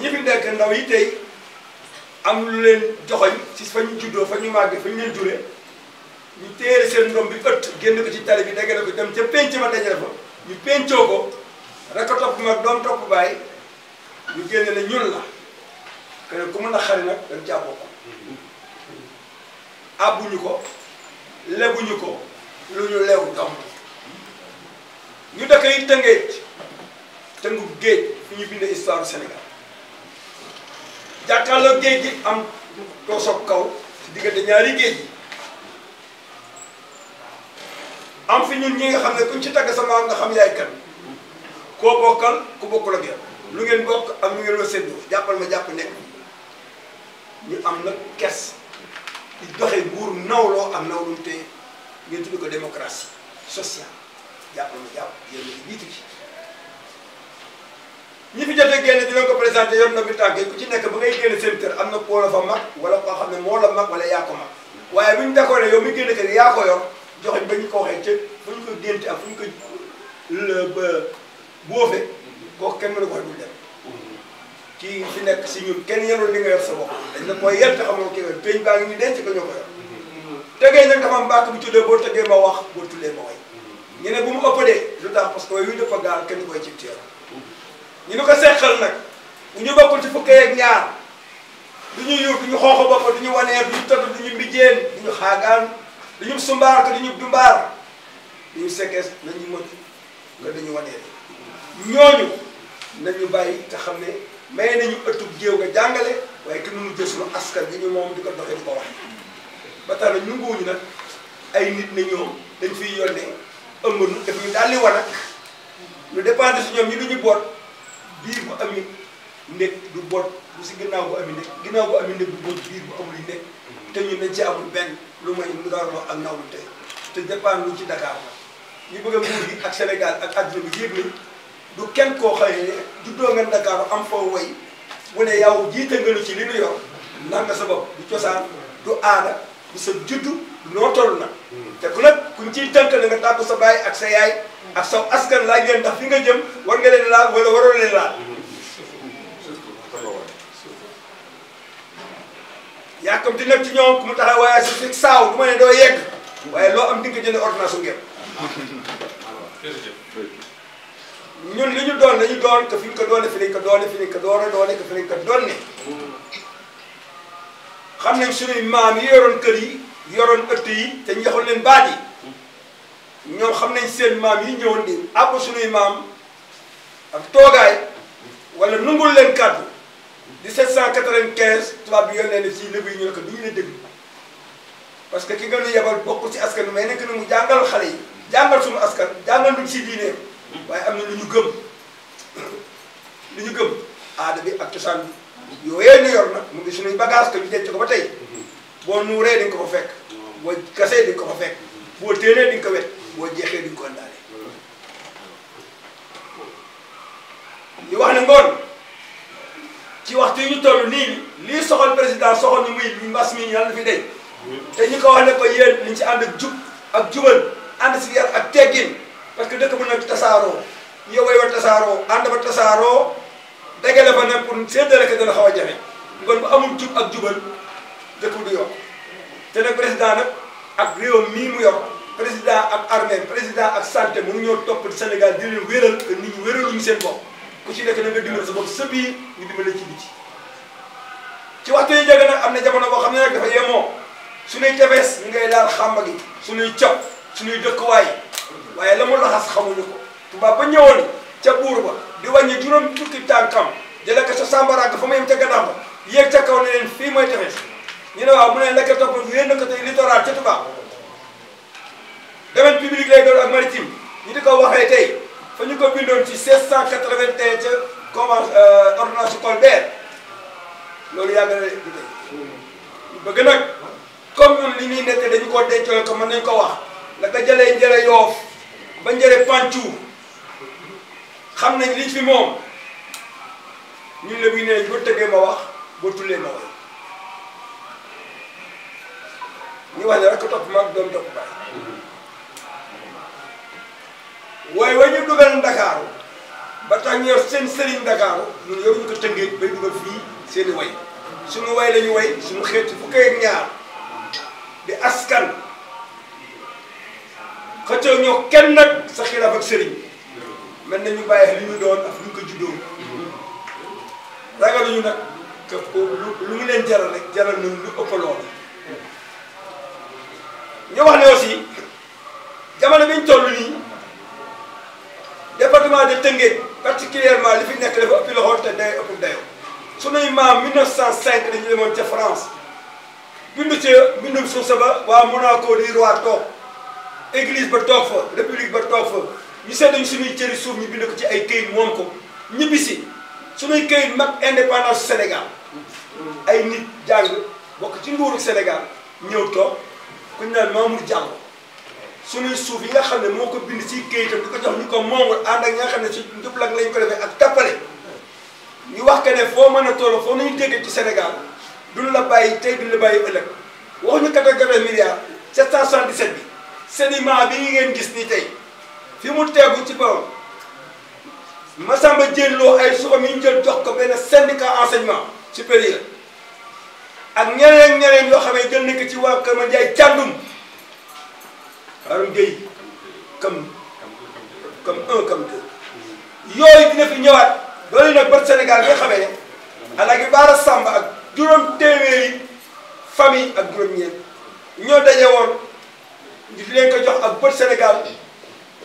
ñi fi nekk ndaw yi tey am lu leen joxoñ ci fa ñu juddoo fa ñu màgg fa ñu leen jure ñu téere seen doom bi ëtt génn ko ci tali bi dagale ko dem ca penc ma dajale fa ñu pencoo ko rek a topp mag doom topp bàyyi ñu génne ne ñun la kenn ku mën a xari nag dañ caa bokk abbuñu ko lebuñu ko lu ñu lew doom ñu dëkk yi tëngeej tëngu géej fi ñu bindee histoire Sénégal jakalo géej am kosok soog kaw si diggante ñaari am fi ñun ñi nga xamne kuñ ci tagg sama nga xam yaay kan ko bokkal ku bokkul ak yow lu ngeen bokk am lu ngeen war a ma japp nek ñu am nak kes di doxé bur nawlo am nawlum te ngeen tuddu ko démocratie sociale jappal ma japp yéen ci ñi fi jot a génn di leen ko présenté yor ndomi tànk yi ku ci nekk ba ngay génn seen kër am na koo la fa mag wala koo xam ne moo la mag wala yaa ko mag waaye bu ñu d'accord yow mi génn ko yor ba ñu ko waxee cëg fu ñu ko génte ak fu ñu nekk si ñun kenn yorul li nga yor dañ la koy yar te xamoo kii yor ñu denc ko ñoo ko yor tegee nag dafa am mbàkk bu tuddee boo tegee ma wax boo tullee ma bu mu ëpp dee lu tax parce que way yu dafa gaal kenn koy cib teeru ñu ko seqal nag bu ñu bokkul ci fukkee ak ñaar du ñu yuur du ñu xooxo bopp du ñu waneer du ñu tëdd du ñu mbijjeen du ñu xaagaan du ñu sumbaar te du ñu dumbaar du ñu sekkees nañu bàyyi xam ne may nañu ëttub jéew nga jàngale waaye kenn mënu jël sunu askan gi ñu moom di ko doxee di ko wax ba tax na nanguwuñu nag ay nit ne ñoom dañ fiy yónnee ëmb nu def ñu daal di wan ak ñu ñoom ñu du ñu boot biir bu amee nekk du bot bu si ginnaaw bu amee nekk ginnaaw bu amee nekk du bot biir bu amul nekk mm-hmm. te ñu ne ci amul benn lu may ngarloo ak nawlu tey te dépend lu ci Dakar la ñu bëgg a nguur gi ak Sénégal ak àdduna bi yëpp nañ du kenn koo xëy ne juddoo nga Dakar am foo way bu ne yow jiite nga lu ci li nu yor nanga sa bopp du cosaan du aada du sa juddu noo toll na te ku nag kuñ ciy tënk na nga tàggu sa baay ak sa yaay ak saw askan laaj leen ndax fi nga jëm war nga leen laal wala waroo leen laal yàkkamti nag ci ñoom ku mu tax a waaye si fi saaw du ma ne doo yegg waaye loo am di nga jënd ordonnance su ngeen ñun li ñu doon lañu doon que fi ñu ko doone fi lañ ko doone fi lañ doon doone xam nañ suñuy maam yi yoroon kër yi yoroon ëtt yi te ñu leen baat yi ñoom xam nañ seen maam yi ñëwoon di àpp suñuy maam ak toogaay wala nungul leen kàddu 1795 tubaab bi yónnee na si lébu yi ñu ne ko duñu la déglu parce que ki nga nu yebal bokk ci askan may nekk na mu jàngal xale yi jàngal suñu askan jàngal luñ si diine waaye am na lu ñu gëm lu ñu gëm aada bi ak cosaan yooyee ñu yor nag mu bi suñuy bagage te ñu denc ko ba tey mhm. boo nuuree di nga ko fekk mhm. boo gasee di nga ko fa fekk mhm. boo téenee di nga wet boo jeexee di nga ko andaale li wax ngoon ci waxtu yi ñu toll nii lii soxal président soxal ñu muy mbas mi yàlla na fi te ñi ko wax ne ko yéen liñ ci ànd ak jub ak jubal ànd si yar ak teggin parce que dëkk bu nekk tasaaroo yow way wa tasaaroo ànd ba tasaaroo dagale fa nag pour séddale ko dana xaw a jafe kon bu amul jub ak jubal dëkk du yokk te nag président nag ak réewam mii mu yor président ak armée président ak santé mënuñoo topp Sénégal di leen wéral que nit ñi wéraluñu seen bopp ku ci nekk na nga dimbali sa bopp sa biir ñu ci biti ci waxtu yi am na jamono boo xam ne nag dafa su suñuy tefes ñu ngay laal xàmba gi suñuy cap suñuy dëkkuwaay waaye la mu laxas xamuñu ko tubaab ba ñëwoon ca buur ba di wàññi juróom fukki tànkam jëlee ko sa sambara ga fa mu yem ca gannaaw ba yéeg ca kaw ne leen fii mooy tefes ñu ne waaw mu ne lekk topp yéen ko tey littoral ca Touba domaine public lay doon ak maritime ñu di ko waxee tey fa ñu ko bindoon ci 1681 ca convention euh, ordonnance Colbert loolu yàgg na di tey bëgg nag comme ñun li ñuy nekk dañu ko dencoo ko mën nañ ko wax la ko jëlee njëre yoof ba njëre Pancou xam nañ liñ fi moom ñun la muy nee boo tëggee ma wax boo tullee ma wax ñu wax ne rek topp maag doom topp baay waaye way ñu dugal Ndakaaru ba tax ñu yor seen sëriñ Ndakaaru ñun yow ñu ko tëngee bay dugal fii seeni way suñu way lañu way suñu xeet fukk ak ñaar di askan xëccoo ñoo kenn nag sa xilaaf ak sëriñ mën nañu bàyyi li ñu doon ak lu ñu ko juddoo ragaluñu nag que lu mu leen jaral rek jaral nañu lu ëpp loolu ñu wax ne aussi jamono bi ñu toll nii departement de Tëngéej particulièrement li fi nekk dafa ëppi loxo te day ëpp dayoo sunuy maam 1905 dañu demoon ca France bindu ca bindum suuf sa ba waa Monaco di roi toog église ba toog fa république ba toog fa ñu seddañ suñuy cëri suuf ñu bind ko ci ay këyit moom ko ñibbisi suñuy këyit mag indépendance Sénégal ay nit jàng bokk ci nguuru Sénégal ñëw toog ku ñu naan Mamour Diallo suñuy suuf yi nga xam ne moo ko bind ci këyitam di ko jox ñu ko moomul ànd ak ñi nga xam ne ci njublag lañ ko defee ak tappale ñu wax que ne foo mën a toll foo nañu dégg ci Sénégal duñ la bàyyi tey duñ la bàyyi ëllëg waxuñu 94 milliards 777 bi sédiment bi ngeen gis nii tey fi mu teggu ci bawam Massamba jël lo ay suba mi jël jox ko ben syndicat enseignement supérieur ak ñeneen ñeneen yo xamé jël nek ci wa Kër Mandiaye ciandum arum geey kam kam un kam deux yoy dina fi ñëwaat loolu nak bët Sénégal nga xamé ne gi Baara Samba ak juróom téeméeri famille ak juroom ñeent ñoo dajé won di leen ko jox ak bët Sénégal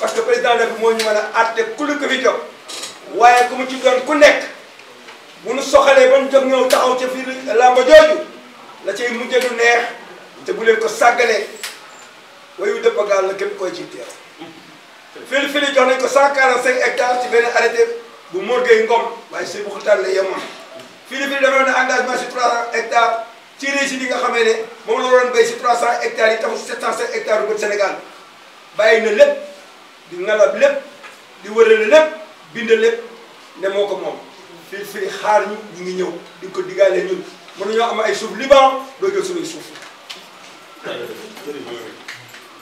parce que président de moo ñu mën a àtte ku lu ko fi jóg waaye ku mu ci ku nekk bu nu soxalee ba nu jóg ñëw taxaw ca fii làmba jooju la cay mujjee du neex te bu leen ko sàggalee wayu dëpp gaal la képp koy ci teew fili fili jox nañ ko 145 hectares ci benn arrêté bu Morgueil Ngom waaye si buxutaan la yemoon fili fili dafa doon engagement ci région yi nga xamee ne moom la waroon béy si 300 hectares yi taxul 700 hectares bu Sénégal bàyyi na lépp. di ngalab lépp di wërale lépp bind lépp ne moo ko moom fii fii xaar ñu ñu ngi ñëw di ko digaalee ñun ñoo am ay suuf liban doo jël suñuy suuf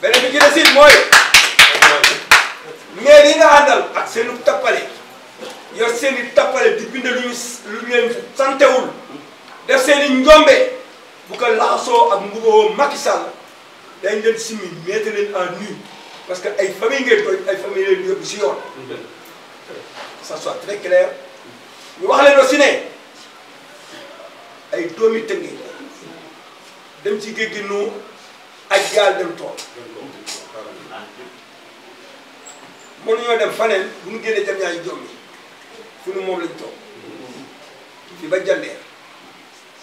beneen bi ci des it mooy maire yi nga àndal ak seen i tappale yor seen tappale di bind lu ñu lu ñu leen santewul def seen i njombe bu ko laxasoo ak mbuboo Macky dañ leen simi mettre leen en nu parce que ay famille ngeen koy ay famille leen yóbbu si yoon ça soit très clair ñu wax leen aussi ne ay doomi tëngeej dem ci géej gi nu ak gaal dem tool mënuñoo dem faneen bu ñu génnee jam ñaayi jom yi fu nu moom lañ toog fi ba jandeer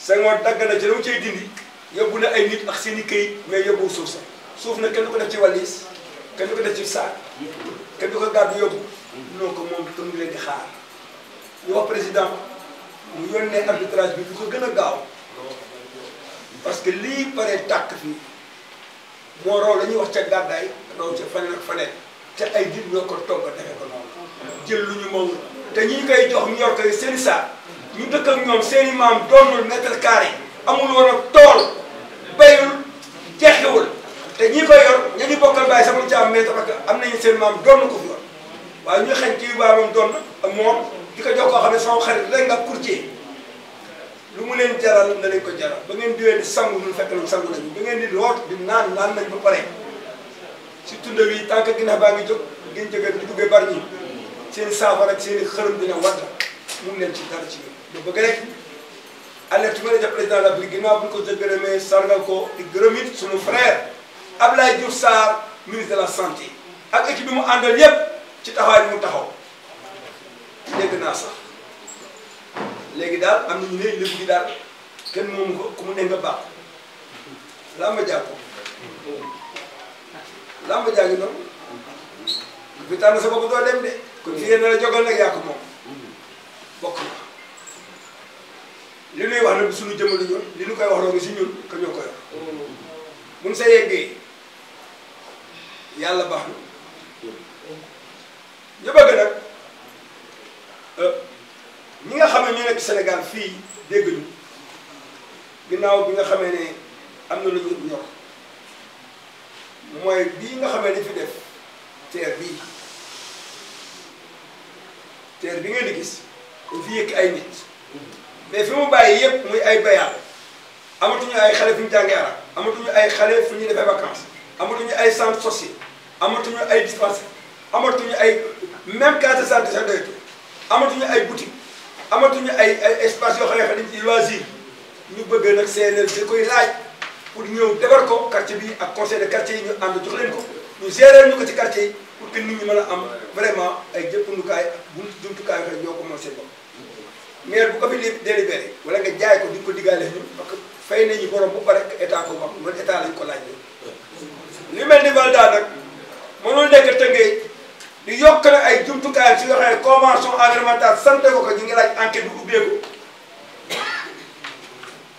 Senghor dagg na ci la dindi yóbbu na ay nit ak seen i këyit mais yóbbu suuf sax suuf na kenn ko def ci wàllis kenn du ko def ci saak kenn di ko gàddu yóbbu non ko moom tam leen di xaar ñu président mu yónnee arbitrage bi du ko gën a gaaw parce que lii paree tàkk fii moo raw la ñuy wax ca gàddaay raw ca faneen ak faneen te ay nit ñoo ko togg defe ko noonu jël lu ñu moom te ñi koy jox ñu yor koy saak ñu dëkk ak ñoom seen i maam doonul mètre carré amul woon ak tool am nañu seen maam doon na ko fi woon waaye ñuy xañ ci yu baamam doon na moom di ko jox koo xam ne sama xarit rek nga courtier lu mu leen jaral na leen ko jaral ba ngeen diwee di sangu ñu fekk nañ sangu nañu ba ngeen di loot di naan naan nañ ba pare si tund wi tant que ginnaaw baa ngi jóg ngeen jógee di duggee bari ñi seen saafara ak seen i xërëm dina wadda mu leen ci dara ci yéen. ba bëgg rek alerte bi ma la jàpp président de la République ginnaaw bu ñu ko gërëmee sargal ko di gërëm it sunu frère Abdoulaye Diouf Sarr ministre de la santé. ak équipe bi mu andal yépp ci taxawaay bi mu taxaw dégg naa sax léegi daal am nañu léegi léegi daal kenn moomu ko ku mu ne nga baax lamba jàng ko làmb jàng noonu bi tànn sa bopp doo dem de kon fi ngeen la jogal nag yàq moom bokk na li nuy wax nag suñu jëmale ñun li ñu koy wax rogi ngi si ñun ka ñoo koy wax mun sa yeggee yàlla baax fii dégg ñu ginnaaw bi nga xamee ne am na lu ñu ñor mooy bii nga xamee ne fi def teer bii teer bi ngeen di gis dañ fi yëkki ay nit mais fi mu bàyyi yëpp muy ay bayaal amatuñu ay xale fu ñu jàngee arab amatuñu ay xale fu ñuy defee vacances amatuñu ay centre social amatuñu ay dispensaire amatuñu ay même case de santé sax amatuñu ay boutique amatuñu ay ay espace yoo xam ne dañ ci loisir ñu bëgg nag CNLD koy laaj pour ñëw defar ko quartier bi ak conseil de quartier yi ñu ànd jox leen ko ñu gérer ñu ko ci quartier yi pour que nit ñi mën a am vraiment ay jëppandukaay bu jumtukaay yoo xam ne ñoo ko mën seen bopp maire bu ko fi délibéré wala nga jaay ko di ko diggaale ñun parce que fay nañu borom bu pare état ko wax loolu état lañ ko laaj li mel ni Val d'A nag mënul nekk Tëngéej ñu yokkale ay jumtu jumtukaay ci yoo convention agrémentaire sant ko ko ñu ngi laaj enquête du ubbe ko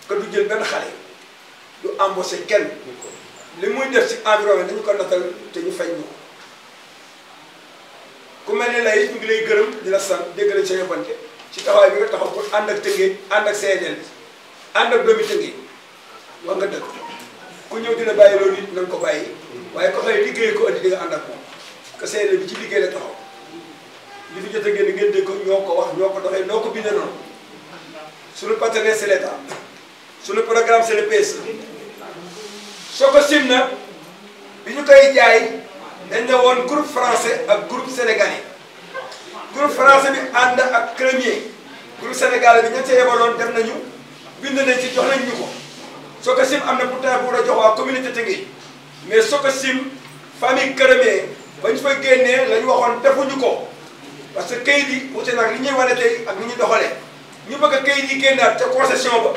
ko du jël ben xalé du embauché kenn li muy def ci environnement dañ ko natal te ñu fay ñu ku melni lay ñu ngi lay gëreum di la sant dégg lañ sa yóbbante ci taxaw bi nga taxaw ko and ak tëngee and ak CNL and ak doomi tëngee wa nga dëkk ku ñew dina bàyyi loolu nit nang ko bayyi waye ko xëy liggéey ko andi di nga and ak que seede bi ci liggéey la taxaw li fi jot a génn ngeen dégg ko ñoo ko wax ñoo ko doxee noo ko bindee noonu suñu partenaire c'est suñu programme c'est e. soo ko sim na bi ñu koy jaay dañ ne woon groupe français ak groupe sénégalais groupe français bi ànd ak Crémier groupe sénégalais bi ña ca yebaloon def nañu bind nañ ci jox nañ ñu ko soo ko sim am na pourtant bu war jox waa communauté Tëngéej mais soo ko sim famille Crémier ba bañ fa génnee la ñu waxoon defuñu ko parce que kayit yi wute nag li ñuy wane tey ak ni ñuy doxalee ñu bëgg a kayit yi génnaat ca concession ba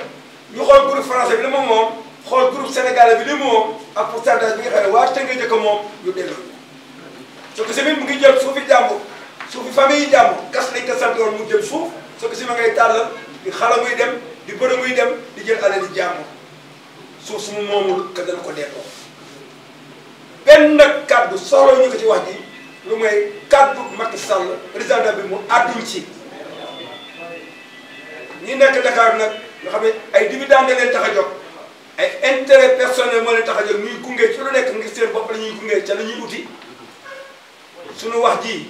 ñu xool groupe français bi li moom moom xool groupe sénégalais bi li moom ak pourcentage bi nga xam ne waa Tëngéej jëkk moom ñu delloo soo ko mu ngi jël suufi jàmbur suufi famille jàmbur gas lañ ko sant woon mu jël suuf soo ko ma ngay tàllal di xala muy dem di bëri muy dem di jël alal di jàmbur suuf su mu moomul ko delloo. benn kàddu soxla ñu ko ci wax ji lu may kàddu Macky Sall président bi mu àdduñ ci ñi nekk Dakar nag nga xam ne ay dividende leen tax a ay intérêt personnel moo leen tax a jóg ñuy ci lu nekk ngir seen bopp la ñu ñuy gunge ca la ñuy uti suñu wax ji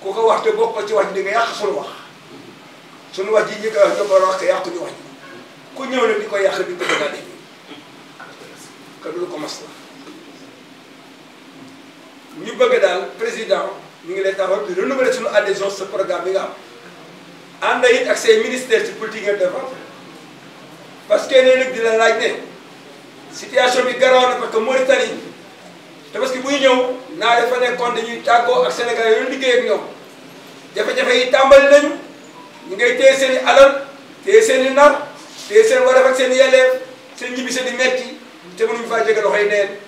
ku ko wax te bokk ci wax ji di yàq suñu wax suñu wax ji ñi ko wax da ko wax yàqu ñu wax ji ku ñëw nag di ko yàq di ko dëgg kon loolu la ñu bëgg daal président ñu ngi leen lay taxaw di renouveler suñu adhésion ce programme bi nga am ànd it ak say ministères ci politique nga défense parce que nee nag di la laaj ne situation bi garaaw na parce que Mauritanie te parce que buy ñëw naa dafa nekkoon dañuy tàggoo ak Sénégal yooyu liggéey ak ñoom jafe-jafe yi tàmbali nañu ñu ngay téye seen i alal téye seen i nar téye seen waraf ak seen i yelleef seen ñibbi seen metti te mënuñu faa jege loxoy neen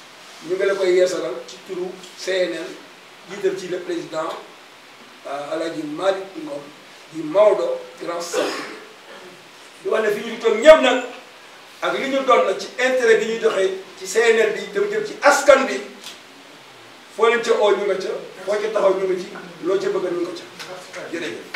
ñu ngi la koy yeesalal ci turu CNN jiital ci le président euh, Alaaji Malick Ngom di Maodo grand sant di wax ne fi ñu toog ñëpp nag ak li ñu doon na ci intérêt bi ñuy doxee ci CNN bi dem jëm ci askan bi foo leen ca oo ñu nga ca foo ca taxaw ñu nga ci loo ca bëgg ñu nga ca jërëjëf